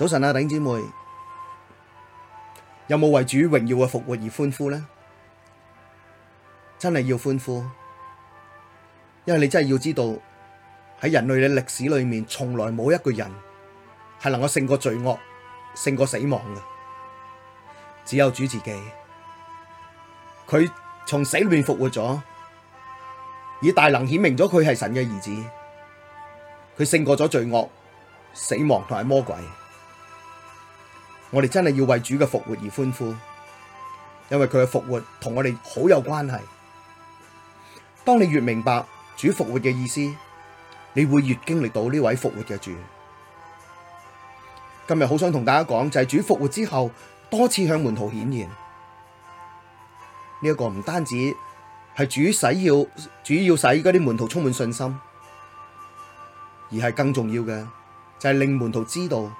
早晨啊，頂姊妹，有冇為主榮耀嘅復活而歡呼呢？真係要歡呼，因為你真係要知道喺人類嘅歷史裏面，從來冇一個人係能夠勝過罪惡、勝過死亡嘅，只有主自己。佢從死裏面復活咗，以大能顯明咗佢係神嘅兒子，佢勝過咗罪惡、死亡同埋魔鬼。我哋真係要為主嘅復活而歡呼，因為佢嘅復活同我哋好有關係。當你越明白主復活嘅意思，你會越經歷到呢位復活嘅主。今日好想同大家講，就係主復活之後多次向門徒顯現。呢一個唔單止係主使要，主要使嗰啲門徒充滿信心，而係更重要嘅就係令門徒知道。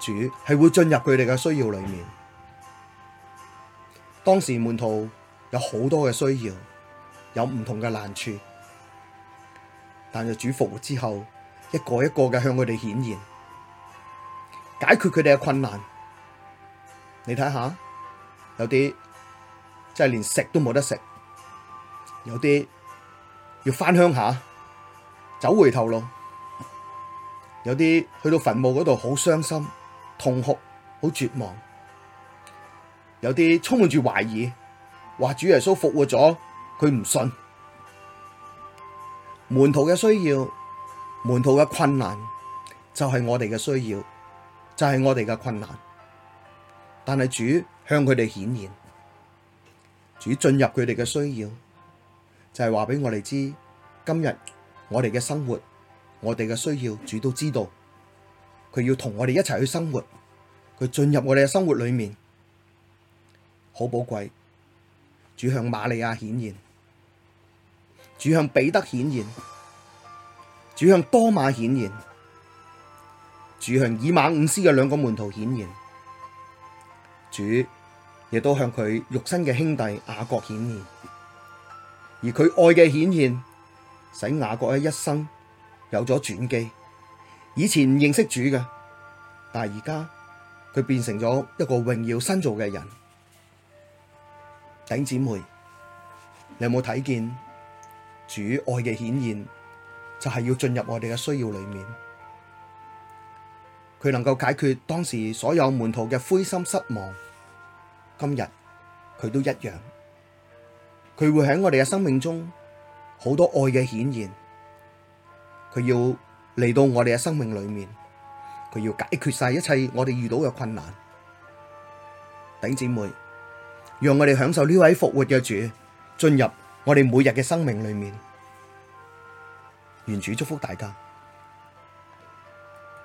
主係會進入佢哋嘅需要裏面。當時門徒有好多嘅需要，有唔同嘅難處，但係主復活之後，一個一個嘅向佢哋顯現，解決佢哋嘅困難。你睇下，有啲真係連食都冇得食，有啲要返鄉下走回頭路，有啲去到墳墓嗰度好傷心。痛哭，好絕望，有啲充滿住懷疑，話主耶穌復活咗，佢唔信。門徒嘅需要，門徒嘅困難，就係我哋嘅需要，就係我哋嘅困難。但係主向佢哋顯現，主進入佢哋嘅需要，就係話俾我哋知，今日我哋嘅生活，我哋嘅需要，主都知道。佢要同我哋一齊去生活，佢進入我哋嘅生活裏面，好寶貴。主向瑪利亞顯現，主向彼得顯現，主向多馬顯現，主向以馬五斯嘅兩個門徒顯現，主亦都向佢肉身嘅兄弟雅各顯現，而佢愛嘅顯現，使雅各嘅一生有咗轉機。以前唔認識主嘅，但係而家佢變成咗一個榮耀新造嘅人。頂姊妹，你有冇睇見主愛嘅顯現？就係要進入我哋嘅需要裏面，佢能夠解決當時所有門徒嘅灰心失望。今日佢都一樣，佢會喺我哋嘅生命中好多愛嘅顯現，佢要。嚟到我哋嘅生命裏面，佢要解決晒一切我哋遇到嘅困難。弟兄姊妹，讓我哋享受呢位復活嘅主，進入我哋每日嘅生命裏面。願主祝福大家。